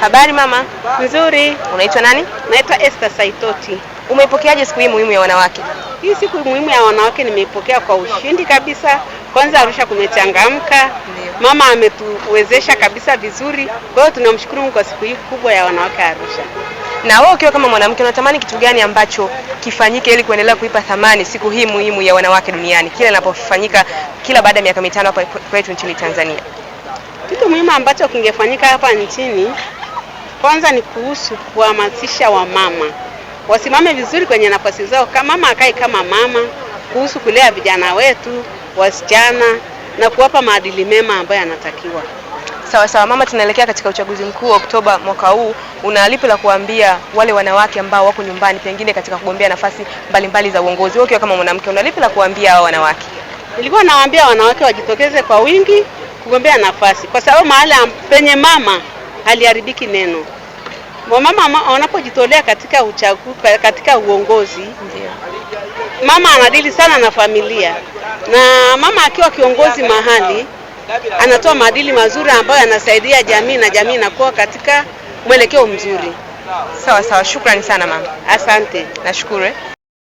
Habari mama. Nzuri. Unaitwa nani? Naitwa Esther Saitoti. Umeipokeaje siku hii muhimu ya wanawake? Hii siku muhimu ya wanawake nimeipokea kwa ushindi kabisa. Kwanza Arusha kumechangamka, mama ametuwezesha kabisa vizuri. Kwa hiyo tunamshukuru Mungu kwa siku hii kubwa ya wanawake Arusha. Na wewe ukiwa kama mwanamke unatamani kitu gani ambacho kifanyike ili kuendelea kuipa thamani siku hii muhimu ya wanawake duniani kila inapofanyika kila baada ya miaka mitano hapa kwetu nchini Tanzania? Kitu muhimu ambacho kingefanyika hapa nchini kwanza ni kuhusu kuhamasisha wamama wasimame vizuri kwenye nafasi zao, kama mama akae kama mama, kuhusu kulea vijana wetu wasichana na kuwapa maadili mema ambayo yanatakiwa. Sawa sawa, mama, tunaelekea katika uchaguzi mkuu Oktoba mwaka huu. Una lipi la kuambia wale wanawake ambao wako nyumbani, pengine katika kugombea nafasi mbalimbali mbali za uongozi? Wewe ukiwa kama mwanamke, una lipi la kuambia hao wanawake? Nilikuwa nawaambia wanawake wajitokeze kwa wingi kugombea nafasi, kwa sababu mahali penye mama haliharibiki neno. mama wanapojitolea katika uchaguzi, katika uongozi Ndiyo. Mama anadili sana na familia, na mama akiwa kiongozi mahali anatoa maadili mazuri ambayo yanasaidia jamii na jamii inakuwa katika mwelekeo mzuri. Sawa sawa, shukrani sana mama. Asante, nashukuru.